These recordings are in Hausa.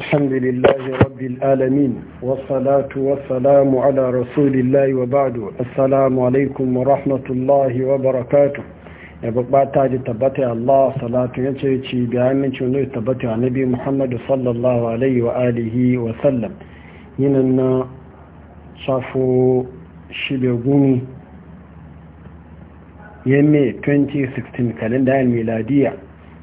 الحمد لله رب العالمين والصلاة والسلام على رسول الله وبعد السلام عليكم ورحمة الله وبركاته يبقى تاج تبتع الله صلاة ينشيكي بأمن شنو تبتع نبي محمد صلى الله عليه وآله وسلم يننا شافوا شبيغوني يمي 2016 كالندا الميلادية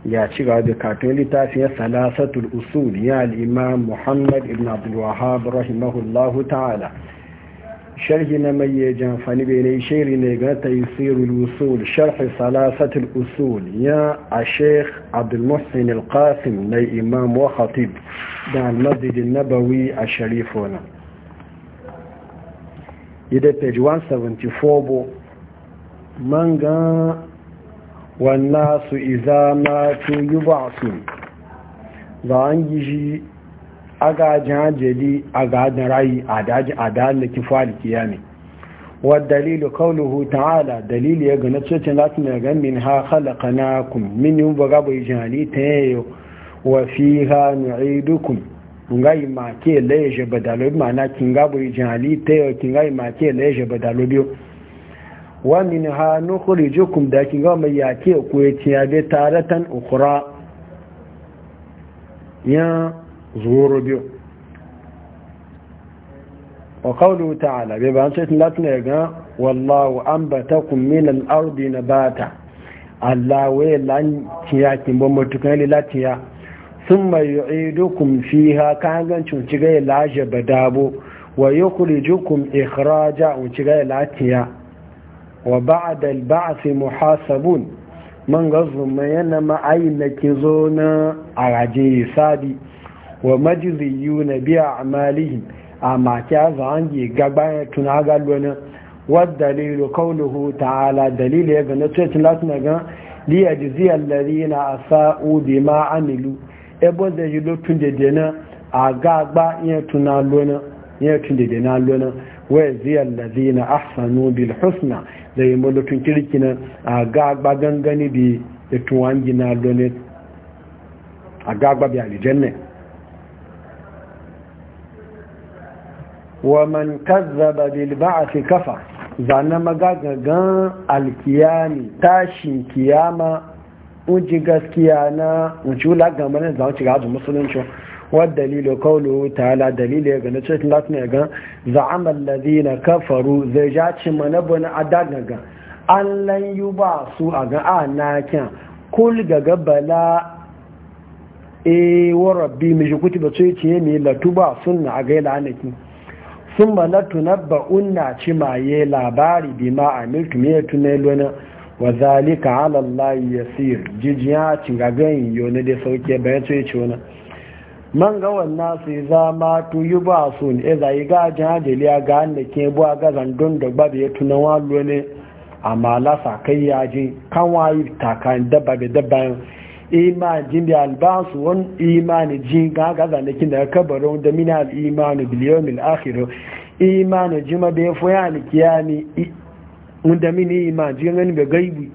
ya ci gaba da katon littafin salasatul usul ya al'imam muhammad ibn abdulwahab rahimahullahu ta'ala sharhi na mai ya jamfani bai ne shiri ne ga taisirul usul sharhi salasatul usul ya a sheikh abdulmuhsin al-qasim na imam wa khatib da masjidin nabawi a sharifona ida page 174 man والناس إذا ماتوا يبعثون زانجي أقاجها جدي أقاجها رأي أدان لكفال ha والدليل قوله تعالى دليل يغنى تشتناتنا يغنى منها خلقناكم من يوم بغابو تيو وفيها نعيدكم ngai make leje badalo mana kinga bo jali teo yi make leje badalo wa min ha nukhrijukum da ki ga mai yake ko ya ya dai taratan ukhra ya zuwuru biyu wa qawluhu ta'ala bai ba sai latin ya ga wallahu anbatakum min al-ardi nabata Allah wai lan ciya kin bon mutukan latiya sun mai dukun fi ha kayan cuci gai laje badabo wa yi kulijukun ikhraja cuci gai latiya wa ba'da al-ba'th muhasabun man gazu mayana ma'ayna kizo na araje sadi wa majziyuna bi a'malihim amma kya zangi gaba tuna ga lona والدليل قوله تعالى دليل يغنى تتلاتنا غن ليجزي الذين أساءوا بما عملوا ebo da yi lotun de na a gagba iya tuna lona yen tun de na lona wa ziyar da ahsanu bil husna da yi malotun kirki na a gagba gangani bi da tuwan gina lone a gagba bi alijanna wa man kazzaba bil ba'ath kafa zanna magagagan alkiyami tashin kiyama unji gaskiya na unci ula gamanin zan ci gazu musulunci Wan dalilin ƙaunar wutar da dalilin ƴa ganin tsohon latin a ga ga za'a mallazina kan faru zai iya cimma na buɗe a daɗin ga. An lanyu ba su a ga 'A'a na a kyau, kuma in ga Bala Ewarar biyu mai shugaban tsohon cinye mai lantarki ba a sunan a ga 'I'an na cinye, sun ba na ba 'Una'a ci ma yi labarin biyu ma a mil kuma yin tunanin Lona Wezali, ka halarar ya sayi, jijiya a cikin ganin yau, sauke ba ya ci wani. man ga wannan su za ma tu yi ba su ne eh, za yi ga jihajali ya ga an da ke a ga zandun da ba da ya tuna walo ne amma lasa kai ya ji kan wayi takan daba da yin imani jin da albansu wani imani jin ga ga zandakin da kabarin da mina biliyon mil akhiru imani jima da ya fi yana kiyani da mini imani jin gani ga gaibi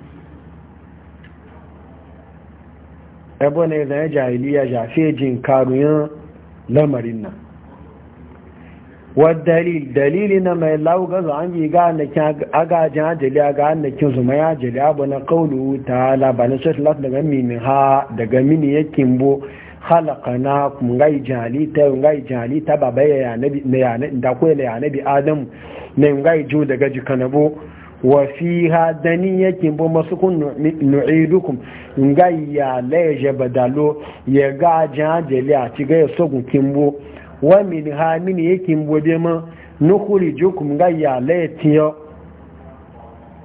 ebo ne zai jahiliya jafe jin karuyan lamarin nan wadalil dalili na mai lauga za an yi ganakin agajin ajali a ganakin zuma ya ajali abu na kaulu ta labarin lati daga mini ha daga mini ya kimbo halakana ngai kungai jali ta baba ya nabi da ko ya nabi adam ne ngai ju daga jikanabo wa fiha dani yake bo masu kun nu'idukum nga ya leje badalo ya ga jajeli a ci ga ya kun kimbo wa min ha min yake bo be ma nukuri jukum nga ya leti yo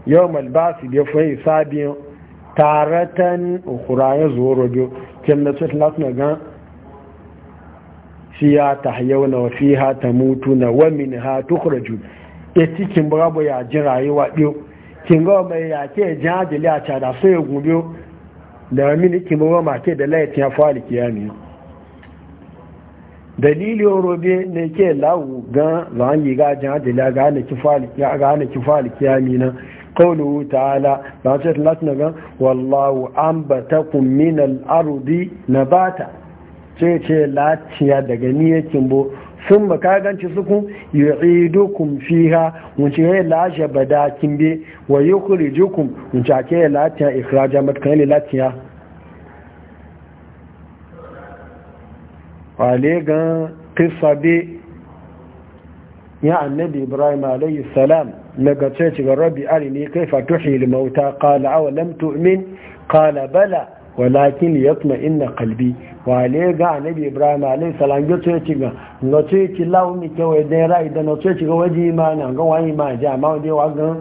yawmal basi bi fa isabi taratan ukhra ya zuro bi kemna sai latna ga fiya tahyawna wa fiha tamutuna wa min ha tukhrajun ya ci kin babu ya ji rayuwa biyo kin ga mai ya ke ji ajali a cada so ya gudu da mini kin babu ma ke da laifin ya fali kiyami dalilin robe ne ke lawu ga zan yi ga jan ajali ga ne ki fali kiyami na قوله تعالى فأنشأت لكنا والله أنبتكم min al-ardi nabata ce latiya daga yake bo sun makaganci suku dukun fiha wuce ya lashe bada bi wa yukhrijukum wuce ake ya latiya ikhraja matkan ya latiya wale gan kisa bi ya annabi ibrahim alayhi salam na gace ci ga rabbi arini kai fatuhi limauta kala awa lam tu'min kala bala walakin yatma inna qalbi wa ga annabi ibrahim alayhi salam ya ce ci ga no ce ci lawo mi ke wai dai rai da no ce ci ga waji imani ga wani ma ja ma dai wa ga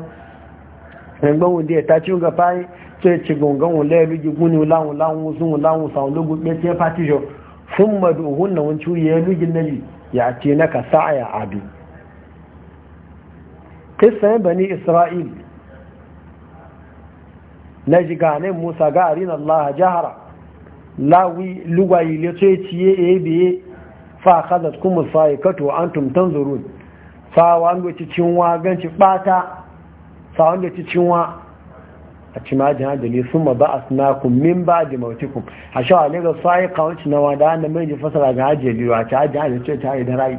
en gbo wudi ta ci ga fai ce ci ga wa le lu gigun ni lawo lawo sun lawo sa lu gu be ce fati jo thumma duhunna won ci ye lu gin nabi ya ce naka sa'a abi kisan bani isra'il na ji jigane musa ga arin Allah jahara lawi luwayi le ce ciye ebe fa khadat kum saikatu antum tanzurun fa wando ci cinwa ganci bata fa wando ci cinwa a ci ma jihar da ne sun ma ba a suna kun min ba da mautikun a sha wa ne ga sa'i kawunci na wada na mai ji fasara ga hajjiyar biyu a ci hajjiyar da ce ta yi da rayu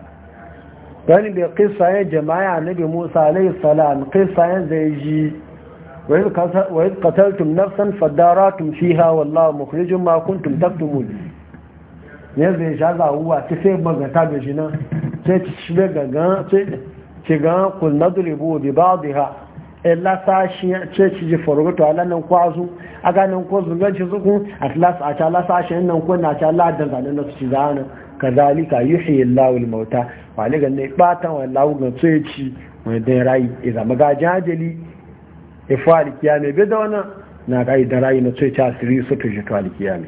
wani bai kisayen jama'a na bi musa alayhi salam kisayen zai ji wa yi kataltum nafsan fadara tun fi hawa Allah makulijin makuntun taktumun ne zai sha zawuwa ci sai magata da shi nan sai ci shiga gangan ci gan kulna duribu bi ba da ha illa e lasashi shi ce ci ji farugutu a nan kwazu a ganin ko zunganci zukun a ta lasa a lasa shi nan kuna na ta ladan zanen na su ci zanen kazalika yuhyi Allahu al-mauta wani ganin ne batan wallahu ga tsoyaci mai dai rai idan maga jajali ya fara kiyame bai da wannan na kai da rai na tsoyaci asiri su to ji to al-kiyame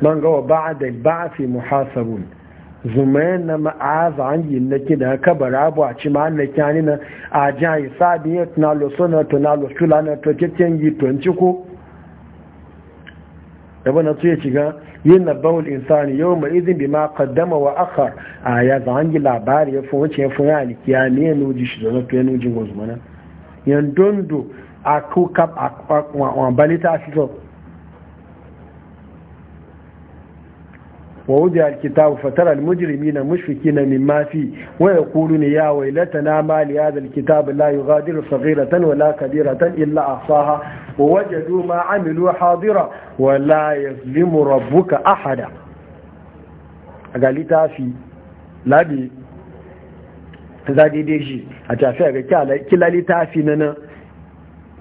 man ga wa ba'da al-ba'thi muhasabun zumayen na ma'aza an yi na kida ka barabu a ci ma'an na kyani na a jayi sabi ya tunalo suna tunalo shula na to kyakkyan yi tuwanci ko yabo na tsoye ci ga yunabbahu al-insanu yawma bi ma qaddama wa akhar aya zangi labari ya fun ya fun ya likiya ne ya nuji shi da zato ya nuji gozmana yandondo akuka akwa balita shi zo Wa'udu al-kitabu fatalwa, mujirme na masfiki na mu mafi waya Kulu ne ya waylata na Maliya da al-kitabu Layu, Khadija, Fadira, tan Wala, Khadija, tan Wa waje ɗoman Aminu, Hadira, Walayya, Limu, Rabbuwaka, Ahada. A ga littafi, Ladi ta ji daidai ga kila littafi na nan,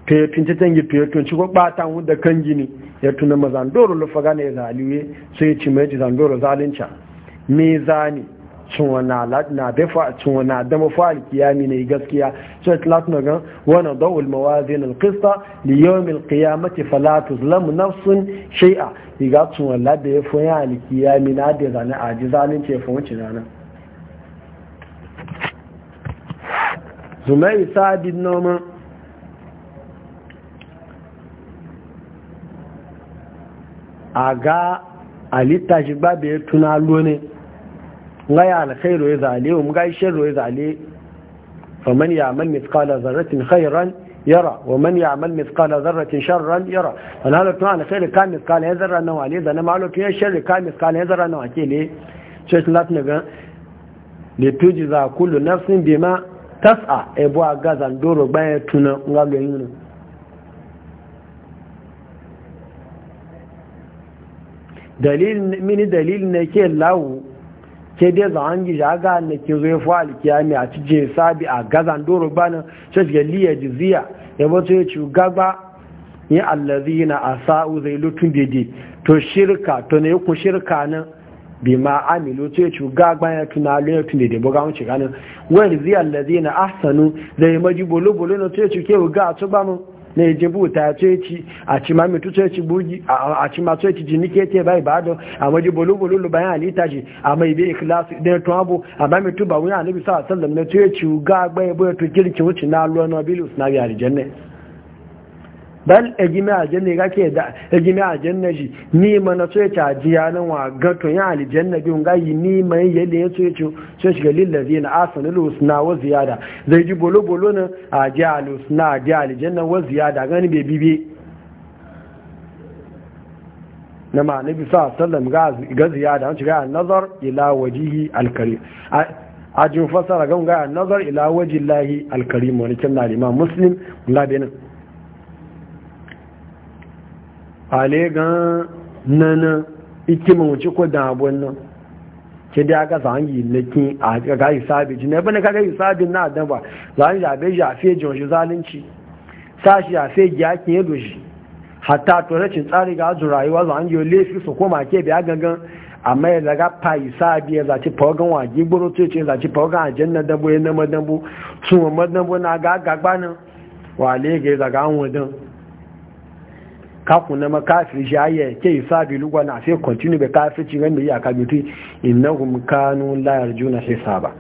fyaifince ta yi fyaifance, kuma ɓata hudu da kan gini. ya tuna mazandoro lufa gane ya zaliwe sai ci mai zandoro zalinca me zani na dama fa'al kiyami yi gaskiya sai tilat na gan wani da'ul mawazin alkista da yawon alkiyamati falatus lamu sun shai'a diga tun da ya fi yan alkiyami na da zane a ji zalince ya fi wuce zanen zumai sa'adin noman a ga a shi ba bai tuna lone nga ya alkhairu ya zale wa mga sharru ya zale fa man man mithqala zarratin khairan yara wa man man mithqala zarratin sharran yara ana la tuna alkhairu kan mithqala ya zarra nan wale ma halittu ya sharri ka mithqala ya zarra nan wake ne sai lat ne ga tuji za kullu nafsin bima tas'a e a aga zandoro bayan tuna nga ga dalil mini dalil ne ke lawo ke dai za an gija ga ne ke zo fa alkiyami a cije sabi a gazan doro bana sai ga liya jiziya ya wato ya ci gaba ni allazina asau zai lutun dede to shirka to ne ku shirka nan bi ma amilu to ya ci gaba ya tuna le tun dede bo ga mu ci ganin wa riziyal allazina ahsanu zai majibulu bulu bolo no to ya ci ke ga to ba mu na yaje buta ce ci a ci ma mitu ce ci bugi a ci ma ce ci jinike ce bai ba do a maji bolu bolu lu bayan alita ji a mai bi ikhlas da to abu a ba mitu ba wani annabi sallallahu alaihi wasallam na ce ci ga gbe bo to kirki wuce na lo na bilus na bi aljanna bal a aljanna ga ke da a aljanna ji ni ma na so ta jiya nan wa ga to ya janna bi ga yi ni ma ye ya so ya ci so shiga lil ladina lu husna wa ziyada zai ji bolo bolo na a ji al husna ji janna wa ziyada gani be bibi na ma nabi sa sallam ga ga ziyada an shiga nazar ila wajihi alkarim a jin fasara ga ga nazar ila wajillahi alkarim wani kin na imam muslim la benin ale gan nana nna wuce ko da abun nan ke da aka san yi lakin a ga hisabi ji ne bane kaga na da ba zan ya be ya fe shi zalunci sa shi ya fe ya kin yado shi hatta to tsari ga azu rayuwa zan su ke biya gangan amma ya ya gboro to ce dabo na ga kaku na makafir shi ayya ke yi sabi lugwa na sai continue bai kafir ci wanda yi a kabitu innahum kanu la yarjuna hisaba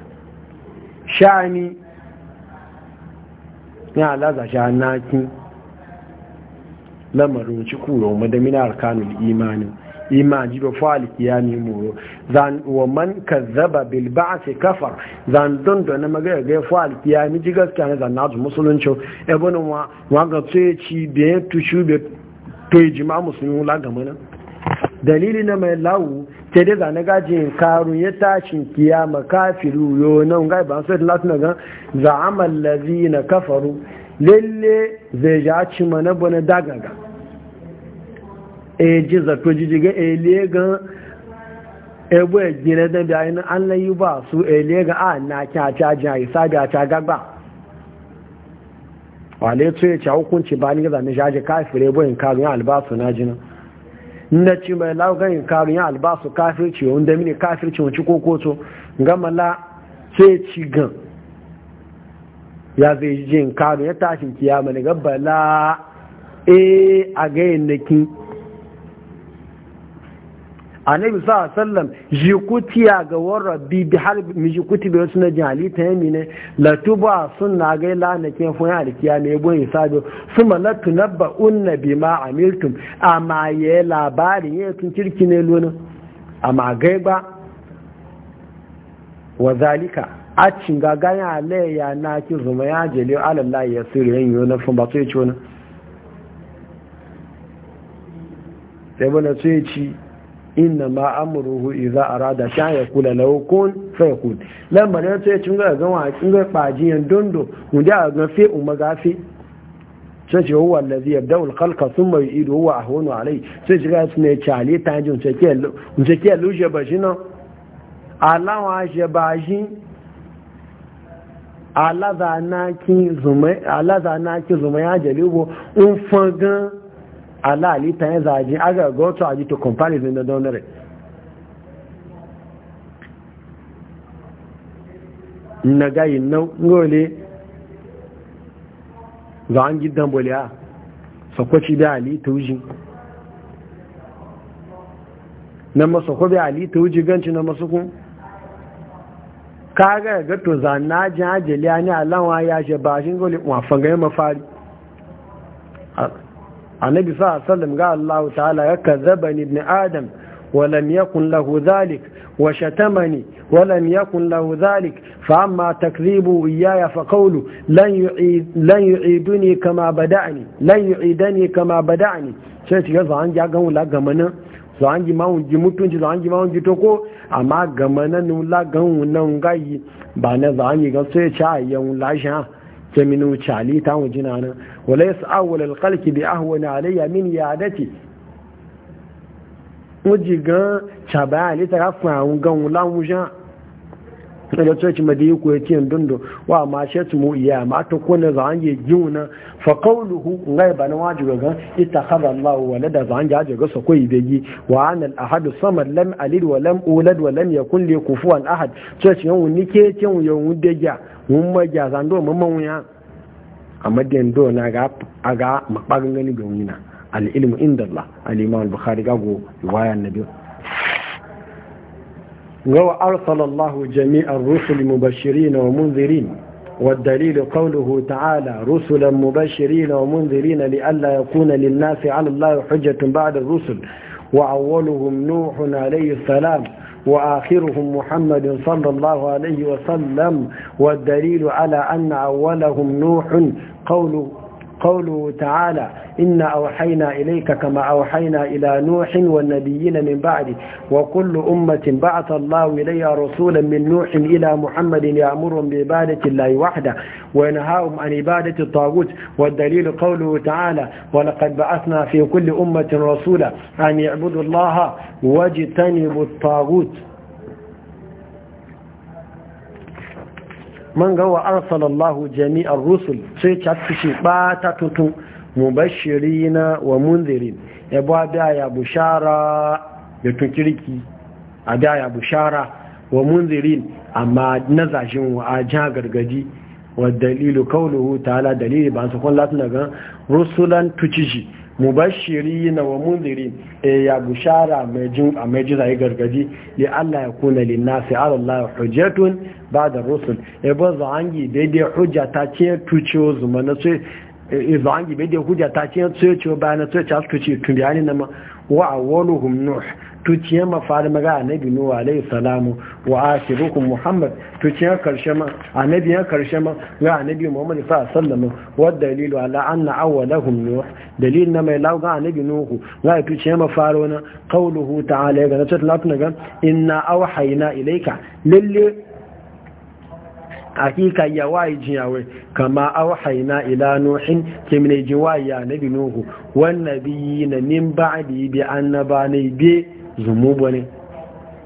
shani ya laza sha'anaki lamarin ci kuro madamina arkanul imanin imaji da fali kiyami muro zan wa man kazzaba bil ba'th kafar zan don don na magaya ga fali kiyami ji gaskiya na zan na musulunci ebon wa wa ga tsaye ci be tushu be to yi jima musulmi wula ga mana dalili na mai lawu ce dai zane gajin karun ya tashin kiyama kafiru yo nan gai ba sai latin ga za amal na kafaru lalle zai ja ci mana bane dagaga e ji zato jiji ga lega ebo e gina da bayan an layi ba su e lega a na kya ta jai sabi a ta gagba wale su ya ci hukunci ba ni zane shaje kafire bo in karun ya albasu na jina na ci mai laugan karun ya albasu kafirci wanda mini kafirci wanci kokoto gama la sai ci gan ya zai ji in karun ya tashin kiyama ne gaba la eh a gayin annabi sa sallam jikutiya ga warabi bi har mi jikuti bi wasu na jali ta yami ne la tuba sunna ga la na ke fun ya rikiya ne bo hisabi suma la tunabba unna ma amiltum amma ye labarin ye tun kirki ne lona amma gai ba wa zalika a cinga ganya le ya na ki zuma ya jeli alallahi ya sirri yin yo fun ba to ya ci wani sai bane to ci inna ma amruhu idza arada sha ya kula lahu kun fayakun lamar ya ce cin ga gan wa cin ga baji yan dondo mun da ga fi umma ga fi sai ce huwa allazi yabda'u al-khalqa thumma yu'idu huwa ahwanu alayhi sai ji ga sunne chali ta ji mun ce ke mun ce ke lu luje bajina wa je baji alazana ki zuma alazana ki zuma ya jalibo un fangan ala alita ya zaji aga go to aji to comparison da donare na gayi na gole ga an gidan boliya sakwaci da alita wuji na masakwa da alita wuji ganci na masakun kaga ga to za na jajaliya ne alawa ya shi bashin gole wafan gani mafari annabi sa sallam ga Allah ta'ala ya kazzabani ibn adam ولم يكن له ذلك وشتمني ولم يكن له ذلك فأما تكذيبه إياي فقوله لن, يعيدني كما بدعني لن يعيدني كما bada'ani. sai ga zuwan ji agan wula nan zuwan ji mawun ji mutunci ji mawun ji toko amma gamana nan la gan wunan gayi ba na zuwan yi gan sai ya a yan wula keminu cali ta mu jina nan wala yas'awul alqalqi bi ahwana alayya min yadati mujigan chabali ta rafan gan lawujan daga coci madiyi ko ya tiyan dundu wa ma shi su mu iya ma ta kone za an yi na fa qawluhu ngai bana wajibi ga ittakhadha Allahu da za an ja ga so koyi yi wa anal ahad samad lam alid wa lam ulad wa lam yakun li kufuwan ahad coci yan wuni ke tiyan yan da ja mun ma ja zan do mun mun ya a den do na ga aga mabarin gani ga wina al ilmu inda Allah al imam al bukhari ga go riwaya nabi لو أرسل الله جميع الرسل مبشرين ومنذرين والدليل قوله تعالى رسلا مبشرين ومنذرين لئلا يكون للناس على الله حجة بعد الرسل وأولهم نوح عليه السلام وآخرهم محمد صلى الله عليه وسلم والدليل على أن أولهم نوح قوله قوله تعالى إنا أوحينا إليك كما أوحينا إلى نوح والنبيين من بعده وكل أمة بعث الله إليها رسولا من نوح إلى محمد يأمرهم بعبادة الله وحده وينهاهم عن عبادة الطاغوت والدليل قوله تعالى ولقد بعثنا في كل أمة رسولا أن يعبدوا الله واجتنبوا الطاغوت man ga wa arsalallahu jami'ar rusul sai catu shi bata tutun na wa munzirin ya ba da ya bushara a bushara wa munzirin amma nazashin wa a ja gargadi wa dalilu ta ala, dalili ba su kun latin daga rusulan shi. mubashiri na wa munziri e ya bushara mai a mai jizaye gargaji ya Allah ya kuna lin nasi ala Allah hujjatun ba da rusul e ba zangi daidai hujja ta ce tuce zuma na ce e zangi daidai hujja ta ce tuce tuciyo ba na ce ta tuce tun bayani na ma wa awwaluhum nuh tuciye mafari maga annabi nuwa alayhi salamu wa akhiruhum muhammad ya karshe ma ya karshe ma ga annabi muhammadu fa sallama wa dalilu ala anna awwalahum nuh dalil na mai lauga annabi nuhu ga tuci ma faro na qawluhu ta'ala ga ta latna ga inna awhayna ilayka lalle akika ya wai jiyawe kama awhayna ila nuhin kimne jiwaya annabi nuhu wan nabiyina min ba'di bi annabani bi zumubani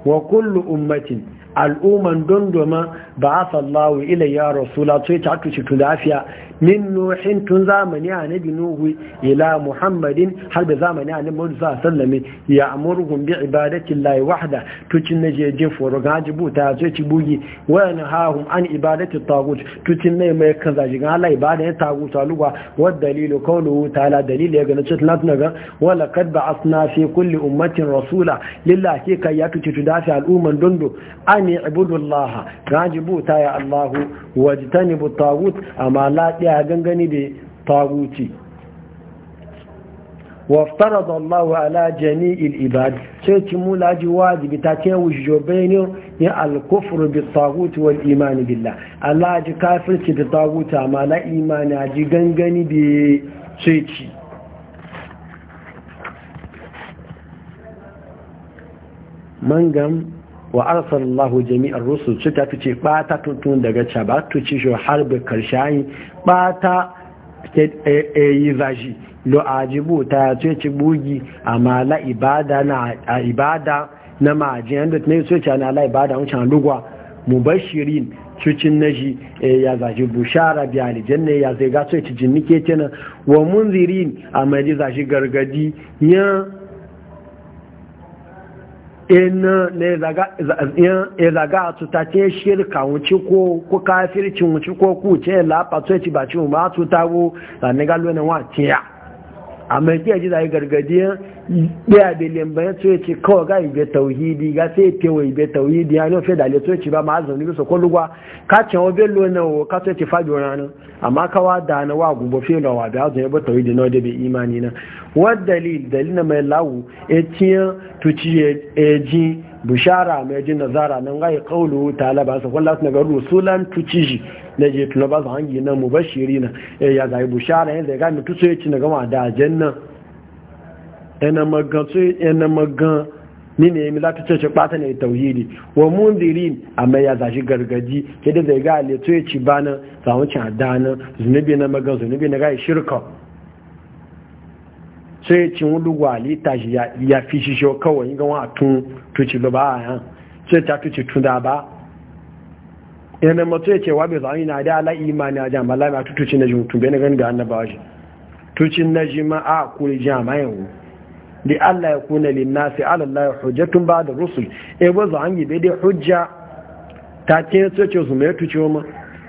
wa kullu ummatin al'umman dondoma ba a sallawo ilayya rasula to ta tuci tun lafiya min nuhin tun zamani a nabi nuhu ila muhammadin har da zamani a nabi muhammadu sa sallame ya amurhum bi ibadatin layi wahda tucin na jejin foro gaji buta ya ci bugi wani hahun an ibadati tagut tucin na mai kan zaji ga ala ibada ya tagut a lugwa wa dalilu kawo ta'ala dalilu ya gani cikin latin ga wala kad ba asna fi kulli ummatin rasula lillahi kai ya tuci tun lafiya al'umman dondo an ibudullaha gaji rubuta ya Allahu waje ta nibu tagut a malaɗiya gangani da taguci waftara da Allahu ala jani il-ibad ce ci mula ji wajibi ta ce wujjo bayani ya alkufuru bi taguci wal imani billah Allah ji kafirci da taguci a malaɗi imani a ji gangani da ce ci mangam wa arsalallahu jami'ar rusul su ta fice bata tuntun daga cabatu ci shi har karshayi bata e, e, e, yi zaji lo ajibu ta ce ci bugi amma la ibada na ibada na maji da ne so ce na la ibada wancan lugwa mubashirin cucin naji ya zaji bushara bi aljanna ya zai ga so ci jinnike kenan wa munzirin amma ji zaji gargadi ya Ina ne zaga ta ce shirka wuci ko ku kafircin wuci ko ce lafa tsoci e ba ci ta ba tuta da zane galo ne wa tiya amma kiya ji zai gargadiya ɗaya biliyan bayan so ce kawai ga ibe tauhidi ga sai ke wa ibe tauhidi ya nufi da leso ce ba ma azan ni bisa kwalluwa ka ce wa bello lona wa ka so ce fadi wani amma kawa da na wa gubo fe na wa da azan ba tauhidi na wadda bai imani na wadda dalil dalil na mai lawu e ya tiyan tuci ya e ji bushara mai ji nazara nan ga ya kaulu ta alaba sa su na ga rusulan tuci na je tuna ba su hangi na mu bashiri na eh, ya zai bushara yanzu eh, ya ga mutu so ya ci na gama da nan ina eh, magan so ina magan ni ne mi lati ce kwata ne tauhidi wa mundiri amma ya zashi gargaji ke da zai ga le to ya ci bana zawo ci adana zunubi na magan zunubi na ga shirka sai ci wudu gwali ta ya fi shi kawai ga wa tun tuci ba ya sai ta tuci tun da ba yana mato ya ce wa bai yi na da ala imani a jama'a lami a tutuci na jimu tumbe na gani da annabawa shi tucin na jima a kuri jama'a yau da allah ya kuna linnasi alallah ya hujjatun ba da rusul e ba za'ayi bai dai hujja ta ce so ce su mai tuci ma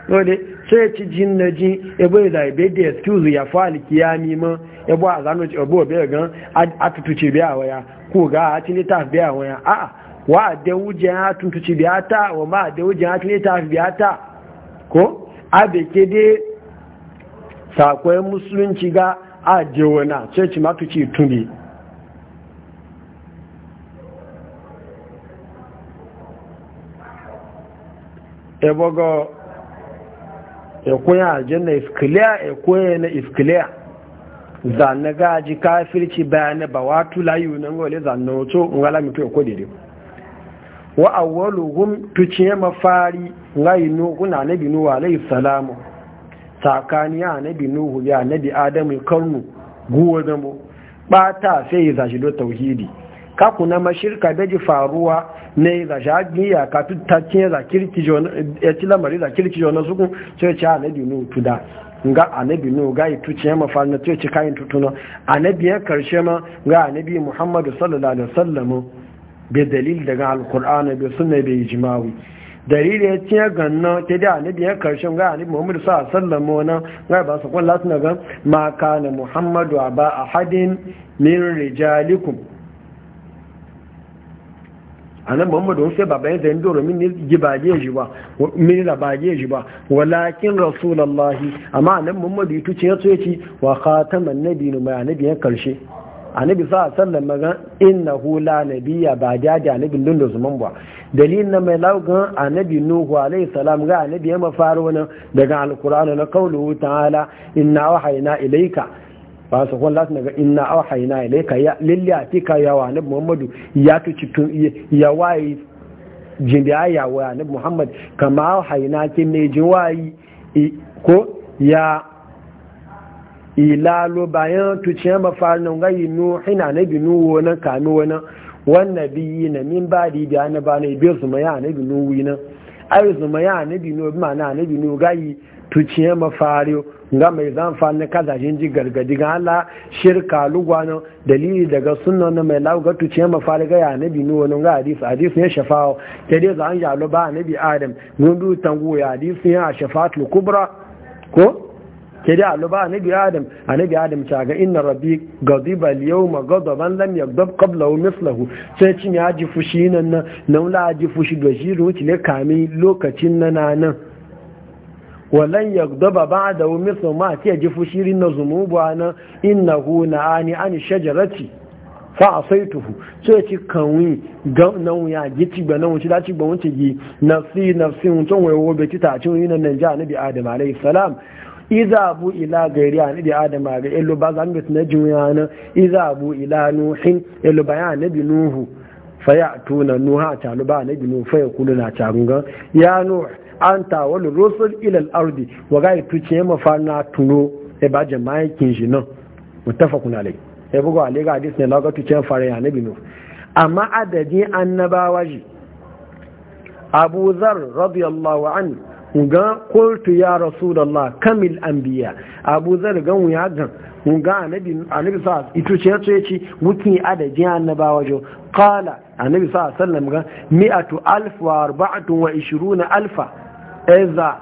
dole sai ci jin na ji e a yi bai da excuse ya fa alkiyami ma e ba a zanu ce e, abuwa bai gan a tutuci bai a waya ko ga a cikin ta bai a waya a'a wa da wujen hatun tuci biyata wa ma da wujen hatun ne ta biyata ko a beke dai sakwai musulunci ga a jewana ceci matuci tuni ebogo ekoya aljanna iskiliya ekoya na iskiliya e e e zanaga ji kafirci bayanai ba watu layu nan gole zanne wato ngala mutu ya kodere wa awwaluhum tuciye mafari layi nuhu na nabi nuhu alayhi salamu tsakani ya nabi nuhu ya nabi adamu karnu guwa zambo ta sai shi do tauhidi ka kuna mashirka da ji faruwa ne za shi haɗi ya ka tuttakin ya ci lamari za kirki jona sukun sai ce anabi nu tuda a anabi nu ga yi tuci ya mafa na tuci kayan tutuna nabi ya karshe ma ga anabi muhammadu sallallahu alaihi wasallam bi dalil daga alkur'ani bi sunna bi ijma'i dalil ya ce ganna ta da annabi ya karshen ga Ali Muhammad sallallahu alaihi wasallam wannan ga ba su kullu suna ga ma Muhammadu aba ahadin min rijalikum anan Muhammadu sai baba ya zai doro min je ji ba min je ji ba walakin rasulullahi amma annabi Muhammadu ya tuce ya tuce wa khataman nabiyyu ma annabi ya karshe annabi sa sallan maga inna hu la nabiyya ba jaji da annabi dun da zuman ba dalilin na mai laugan annabi nuhu alayhi salam ga annabi ya mafaro nan daga alqur'ani na qauluhu ta'ala inna wahayna ilayka ba su kun lati daga inna wahayna ilayka ya lillatika ya wa annabi muhammadu ya tuci cikin ya wayi a ya wa annabi muhammad kama wahayna kin ne yi ko ya ilalo bayan tuciyar mafarin gayi nuhina na binu wani kami wani wannan biyi na min ba di da na ba na ibe su maya na binu wina ayi su maya na binu bi mana na binu gayi tuciyar mafarin ga mai zanfa na kazashin ji gargadi ga Allah shirka lugwano dalili daga sunna na mai lawo ga tuciyar mafarin gaya na binu wani ga hadisi hadisi ya shafawa ta dai za an lo ba na bi adam gundu tangu ya hadisi ya shafatul kubra ko ke da a nabi adam nabi adam ta ga inna rabbi ghadiba al-yawma ghadaban lam yaghdab qablahu mithluhu sai cin ya ji fushi nan nan nan la ji fushi da shi ruci ne kamin lokacin nan nan walan yaghdaba ba'dahu mithlu ma ta ji fushi rin na zumubu ana innahu na'ani an shajarati fa asaituhu sai ci kanwi ga nan ya ji ci ba nan wuce da ci ba wuce gi nafsi nafsi wuce wayo be ci ta cin nan nan ja nabi adam alayhi salam bu ila gairi a nabi adam ga ilu ba zan mu na juya iza bu ila nuhin ilu bayan nabi nuhu faya tuna nuha talu ba nabi nuhu faya kulu na tarunga ya nuh anta wal rusul ila al ardi wa ga tuce na tuno e ba jama'a kin shi nan muttafaqun alai e bugo ale ga hadis ne la ga tuce fara ya nabi nuhu amma adadi annabawa ji abu zar radiyallahu anhu ga kultu ya rasulallah kamil anbiya abu zar ga mu ya gan mu ga annabi annabi sa ito ce yace ci wuki na bawa jo qala annabi sa sallam ga mi'atu alf wa arba'atu wa ishiruna alfa eza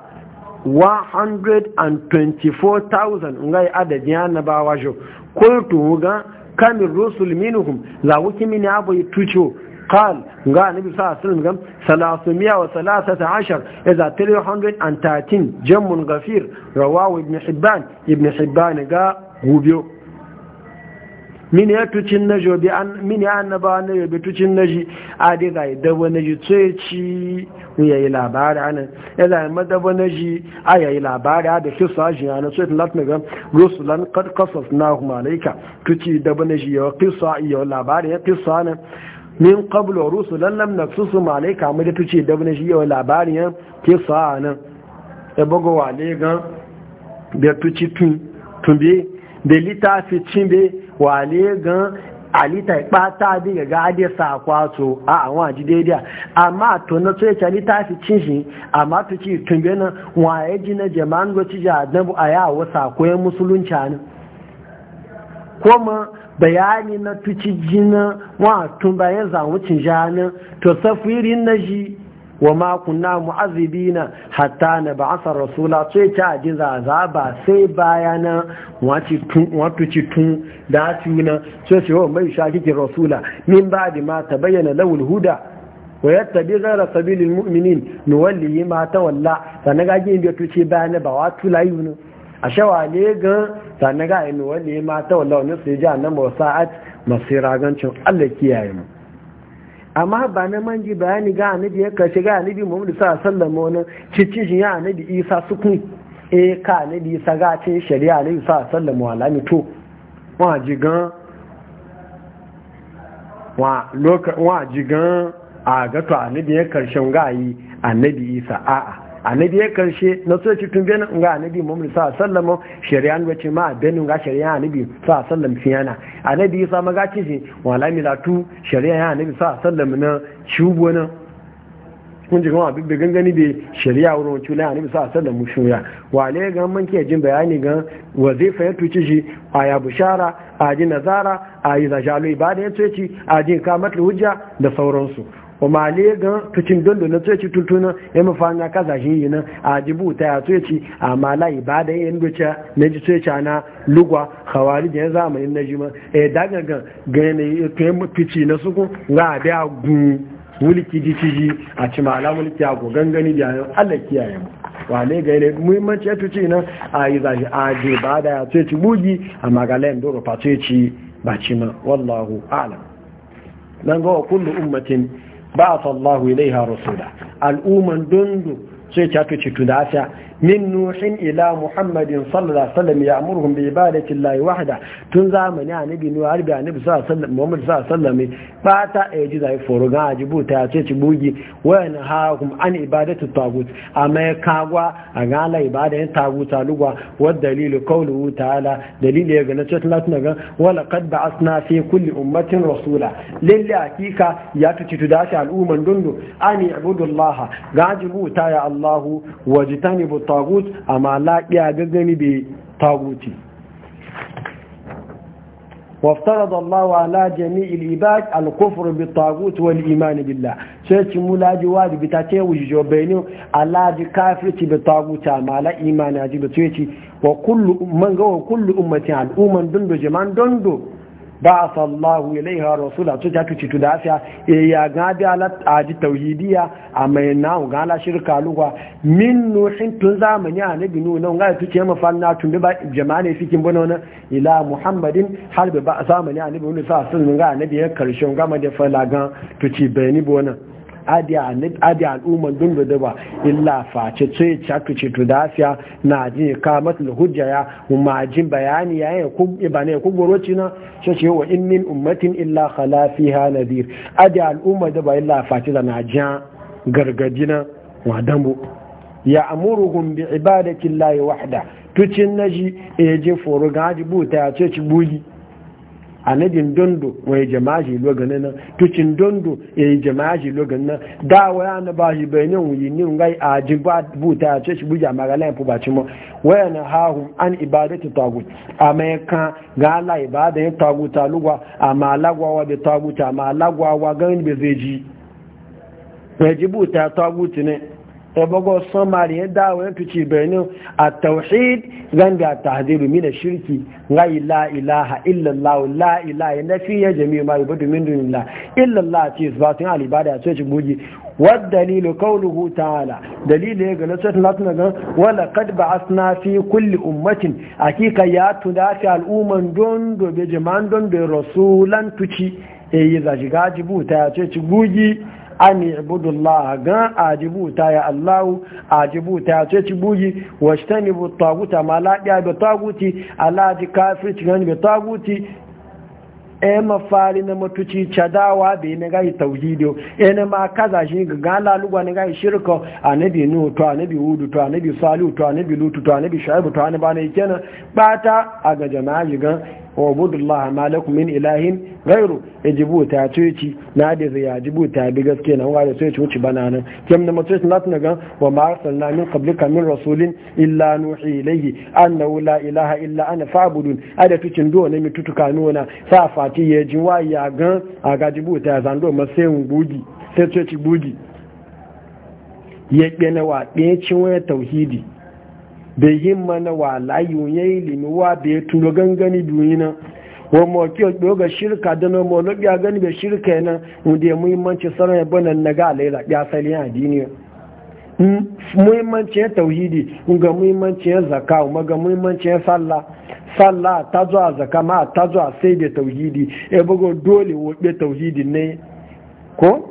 124,000 ngai adadin annabawa jo kultu ga kamil rusul minhum za wuki mini abu tucho قال قال النبي صلى الله عليه وسلم قال 313 إذا 313 جم غفير رواه ابن حبان ابن حبان قال غوبيو min ya tucin na jobi an min ya annaba na tucin na ji a dai ga da wani ji tsaye ci yayi labari anan ya da madaba na ji a yayi labari a da kisa ji ana so ta latna ga rusulan qad ya ya kisa min qablu rusulan lam naksusu malaika mu da tuce da bane shi yawa labarin ya ke sa'a nan e bogo wale gan da tuci tun tumbe da litafi cimbe wale gan alita ipata bi ga ade sa kwato a àwọn ajidede amma to na to ta alita fi cin shi amma tuci ci tumbe na wa ya ji na jama'an go ci ja adabu aya wa sa koyan musulunci ne ma. bayani na tuci jina wa tun bayan zamucin jana to safirin na ji wa ma kunna na hatta na ba'asa rasula sai ta ji zazaba sai baya wato ci tun da tuna sai sai wa mai shakikin rasula min ba da ma ta bayyana lawul huda wa yattabi ghayra sabilil mu'minin nuwallihi ma tawalla sanan ga gin da tuce bayana ba wa tulayu ne a ne ga sannan ga yi wani ma ta wala wani su ji annan ba a masu ragancin Allah kiyaye mu amma ba na manji bayani ga anabi ya kashe ga annabi Muhammad a sallama wasallam cikin cicin shi ya anabi Isa sukun E ka anabi Isa ga cin shari'a anabi sallallahu a wasallam wala to wa ji gan wa loka wa gan a ga anabi ya karshen ga yi annabi Isa a'a annabi ya karshe na so ci tun benin ga annabi muhammad sa sallama shari'an wace ma benin ga shari'a annabi sa sallam fiyana annabi ya sama gaci ci wala milatu shari'a annabi sa sallama na shugo na kun ji kuma abin gangani da shari'a wurin wancu na annabi sa'a sallam mu shuya wale ga man ke jin bayani ga wazifa ya tuci shi a ya bushara a ji nazara a yi zajalo ibada ya tuci a ji kamatul hujja da sauransu wa male ga tucin dondo na tsoci tutuna ya mafa na kaza shi yi nan a jibu ta ya tsoci a mala ibada yin doce na ji tsoci na lugwa hawari da ya zamani na jima eh daga ga gane ya mafici na suku ga abi a gun wuliki ji ciji a ci mala wuliki a gogon gani da yayin Allah kiyaye mu wale ga ne muhimmanci ya tuci na a yi zaji a je ba da ya tsoci bugi a magalayin doro fa tsoci ba ci ma wallahu a'lam nan ga kullu ummatin بعث الله إليها رسولا الأومن دندو سيتاتو تشتو داسا min nuhin ila muhammadin ya alaihi wasallam ya'muruhum bi ibadati llahi wahda tun zamani annabi nuhu har a annabi sallallahu alaihi muhammad sallallahu alaihi wasallam ba ta eji zai foro ga ajibu ta ce ci bugi wa yanhahum an ibadati tagut amma kagwa a ga la ibadatin taguta lugwa wa dalilu qawluhu ta'ala dalili ya ga na cikin latin ga wa laqad fi kulli ummatin rasula lillahi hakika ya tuci tudashi al'umman dundu an ibudullaha ga ajibu ta ya allah wajtanibu tagut amma laƙiya gaggani bai taguti وافترض الله على جميع العباد الكفر بالطاغوت والايمان بالله سيتي مولاجي واجب بتاتي وجو بينو على كافر بالطاغوت ما لا ايمان اجي بتويتي وكل من جو كل امتي الامم دندو جمان دندو ba a sallahu ilaiha rasula to ta tuci da asiya e eh, ya ga bi a ji tauhidiya a mai na ga la shirka luwa min nuhin tun zamani a nabi nuna nan ga tuce ma fanna tun ba jama'a fi fikin bano na ila muhammadin har ba zamani a nabi nu sa sun ga nabi ya karshen gama da falagan tuci bayani bona adi al'umman dunga da ba illa face tsaye catu ce to dafiya na ji ka matul hujja ya jin bayani ya yi ku ba ne ku goro na ce ce wa in min ummatin illa khala fiha nadir adi al'umma da ba illa face da na ja gargaji wa dambu ya amuruhum bi ibadati llahi wahda tucin naji e foro gaji buta ya ce ci buli. anajin dondo wani jama'a shi lo ganin nan tucin dondo ya eh, yi jama'a shi nan da ya na ba shi bayanin wuyi ni ngai a jigba buta a ce shi buja mo waya na hahun an ibadatu tagut a mai ga ala ibada ya taguta lugwa a ma lagwawa da ebogo Somali ya dawo ya tuci benin a tauhid zan da tahziru mina shirki la ilaha illallah la ilaha ya nafi ya jami'u ma yubadu min dunillah illallah ce isbatun al ibada ce ci buji wad dalilu qawluhu ta'ala dalilu ya ga na sai latin ga wala qad ba'athna fi kulli ummatin akika ya tudafi al umman don do be jama'an don be rasulan tuci e yi zaji gaji buta ya ce ci buji an ibudullah gan ajibuta ya allahu ajibuta ya ce buyi wa shi ta nibu taguta ma laɗiya da taguti alaji ci gani da taguti e mafari na matuci cadawa da yi na gai tauhido e na ma kaza shi ga gala lugwa na gai shirka anabi nu to anabi hudu to annabi salihu to anabi lutu to anabi shaibu to annabi ne kenan bata a ga jama'a gan wa budullaha malakum min ilahin gairu ya jibu ta tuci na da zai jibu ta bi gaske na wani sai ci wuce bana nan kim na mutum na tuna gan wa ma arsalna min qablika min rasulin illa nuhi ilayhi annahu la ilaha illa ana fa'budun ada tucin do ne mi nuna sa fati ya ji wa ya gan a ga jibu ta zando ma sai sai tuci bugi ya kene ɗaya cin waya tauhidi da yin mana wa layu ya limi limuwa da ya tulo gangani duniya na wa mawaki ga shirka da na mawaki a gani da shirka na wanda ya muhimmanci sarar ya bane na ga alaira ya sali ya duniya hmm? muhimmanci ya tauhidi ga muhimmanci ya zaka kuma ga muhimmanci ya sallah sallah ta zuwa zaka ma ta zuwa sai da tauhidi ya e bugo dole wobe tauhidi ne ko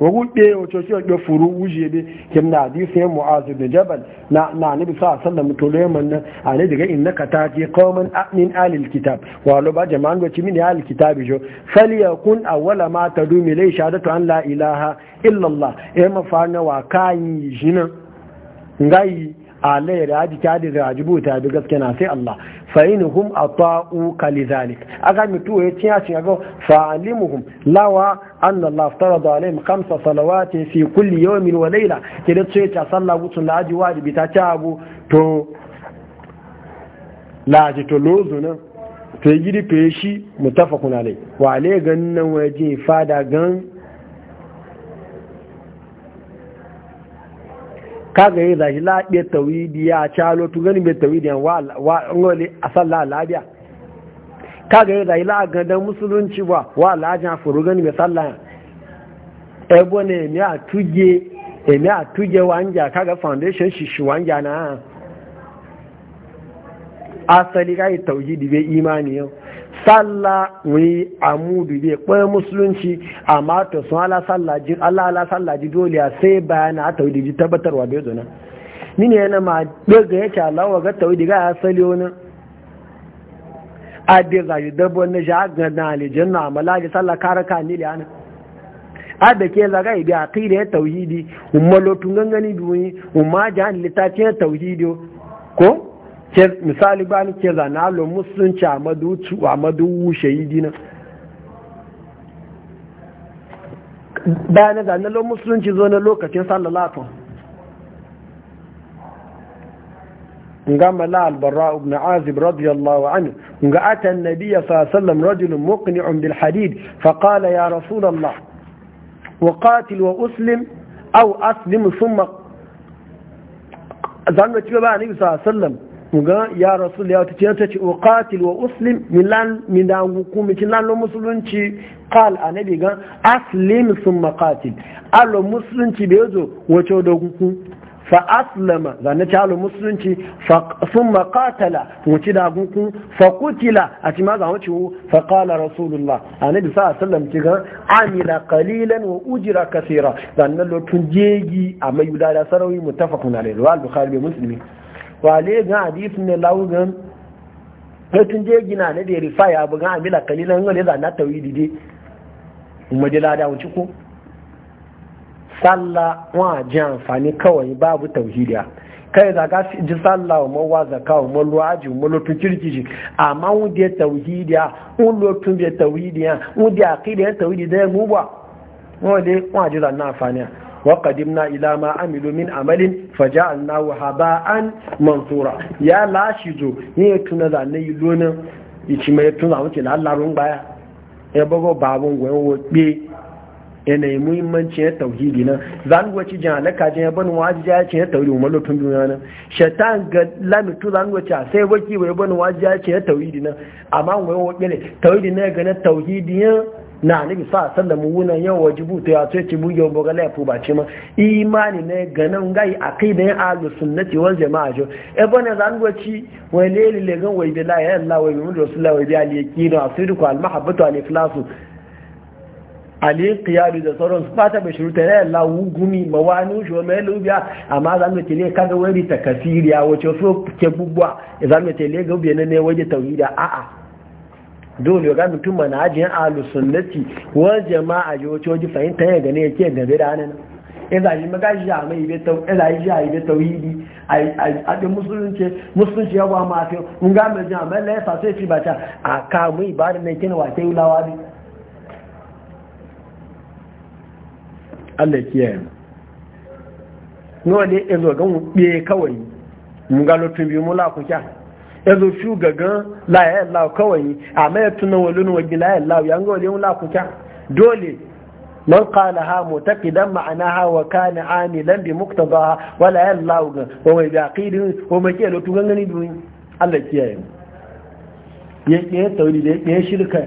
wagun ɗaya wato shi wajen furu wuje ne jabal na nabi sa a ne daga inna ka taji qauman min alil kitab min alil kitab awwala ma tadumi lay shahadatu an la ilaha illa allah e alayhi da haji da rajibu ta bi gaske na sai Allah fa inhum ata'u kalizalik aga mutu ya tiya cin aga fa alimuhum lawa anna Allah aftarada alaihim khamsa salawati fi kulli yawmin wa layla kidan sai ta sallah gutun na wajibi ta ci abu to laji to na to gidi peshi mutafakun alai wa alai gannan waje fada gan kaga yi zashi laɓe tawidi ya calo tu gani bai tawidi ya wa ngoli a sallah labiya kaga yi zashi la'a dan musulunci ba wa alhaji afuru gani bai sallah ebo ne emi a tuge emi a tuge wanja kaga foundation shi shi wanja na asali kai tawhidi bai imani yau sallah wi amudu bi kwaye musulunci amma to sun ala sallah ji dole a sai bayana a tawidi ji tabbatarwa bai zo nan mini yana ma daga yake Allah wa ga tawidi ga asali wani adi za yi dabon na ja ga na alijin amma amala ji sallah karaka ni nili ana da ke zaga ibi aqida ya tauhidi umma lotun gangani duyi umma jahil litafin tauhidi ko misali ba ni ke zana lo musulunci a madu a maduwu shahidi na bayan zana lo musulunci zo na lokacin sallalatun nga mala albara ibn azib radiyallahu anhu nga ata annabiy sallallahu alaihi wasallam rajul muqni'un bil hadid fa qala ya rasul allah وقاتل وأسلم أو أسلم ثم ظنوا تبقى النبي صلى الله عليه sallam. muga ya rasul ya ta ce ta ce ukatil wa uslim milan min da hukumi kin lan musulunci a anabi ga aslim sun makatil allo musulunci da zo wace da hukun fa aslama zane ci allo musulunci sun makatala wace da hukun fa kutila a ci ma ga ciwo fa kala rasulullah anabi sa sallam ci gan amila kalilan wa ujira kasira zane lotun jegi a mayu da sarawi mutafakun alayhi wa al-bukhari musulmi wale ga hadith ne laugan tun je gina ne da rifa ya buga amila kalilan ngale za na tawidi de umajila da wuci ko sallah wa ji amfani kawai babu tauhidiya kai da ga ji sallah wa mawa zaka wa mallu aji wa malotun kirkiji amma wun da tauhidiya wun lotun da tauhidiya wun da aqida tauhidi da ya ba wale wa ji na amfani وقدمنا إلى ما عملوا an mansura. Ya هباء منثورا يا لاشيزو ني تuna da ne yulona ichi mai tuna wuce la Allah baya e bago babun gwen wo pe ene muhimmanci ya tauhidi na zan wace jin alaka jin ban waji ya ce ya tauhidi mu lotun duniya na shaitan ga lamitu zan wace sai waki ya ban waji ya ce ya tauhidi na amma gwen wo pe ne tauhidi ne ga na tauhidi yan. na alibi sa sallam wunan yau wajibu to ya ce buge bo boga laifu ba ce ma imani ne ganin gai aqidan ahlu sunnati wal jamaa jo e bone zan gwaci wai lele le gan wai bi la ilaha illallah bi mudu rasulullah wai bi ali yakinu asidiku al mahabbatu al ikhlasu ali qiyadu da sauran su fata bai shiruta ya Allah gumi mawani shi wa mai lubiya amma za mu tele kaga wani takasiriya wace so ke bubwa za gwaci ne ga biyan ne waje tauhida a'a dole ga mutum mana ajiyar alu sunnati wa jama'a yi wace waje fahimta ya gane yake gabe da hannun in e zaji magaji a mai ibe tau in e zaji a ibe tauhidi a ɗin musulunci musulunci ya gwa mafi in ga mai jin amai laye sa sai fi bata a kamun ibada na kina wa lawa bi Allah kiyaye mu ne ya ga mu ɓe kawai mu ga mu la ẹzọ fiu gangan láyé láwù kawai àmọ́ ẹ̀tún náà wọlé ní wọ́gbìn láyé ya yà ń gọ́ ku lákùnjá dole man qala ha mutaqidan ma'anaha wa kana amilan bi muqtadaha wa la yallahu gan wa mai baqidin wa mai ke lotu gangani dun Allah kiyaye mu yake ya tawili da ya shirka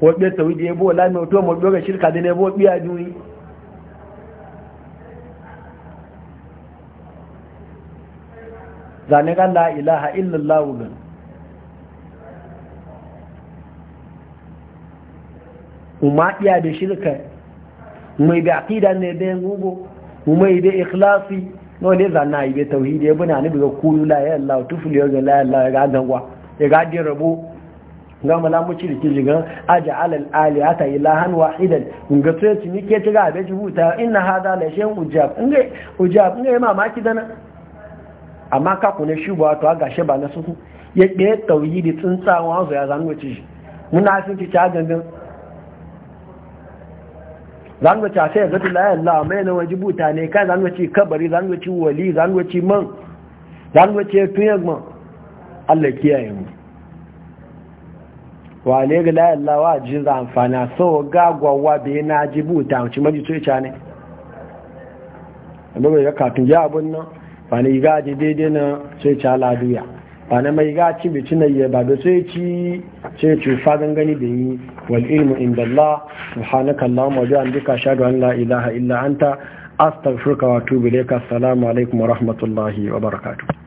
wa be da ya bo la mai to mo ga shirka da ne bo biya duni zane ga la ilaha illallah gan kuma iya da shirka mai da aqida ne da gugu mai da ikhlasi no ne zanna yi da tauhidi ya buna ni daga kullu la ya allah tuful ya ga la ya allah ga gwa ya ga din rabo ga malamuci da ke jigan aji al ali ata ilahan wahidan ga tsoye ci ni ke ci ga abin jibuta inna hada la shay'un ujab in ga ujab in ga mamaki dana amma ka kuna shi ba to ga ba na suku ya ɗaya tauyi da tsuntsawa su ya zanu wace shi muna sun ci ta gangan zanu wace sai ga tula ya Allah mai na waji buta ne kai zanu wace kabari zanu wace wali zanu wace man zanu wace tuyan man Allah kiyaye mu wa ne ga la Allah wa ji za amfana so ga gwawa be na ji buta mu ci maji tuya ne amma ga katun ya abun nan wani yi gaji daidai na sai ci aladuya wani mai ga ci bi yi ba da sai ci sai ci fa gangani da yi wal ilmu inda Allah subhanaka Allahumma wa bihamdika ashhadu an la ilaha illa anta astaghfiruka wa atubu laika assalamu alaikum wa rahmatullahi wa barakatuh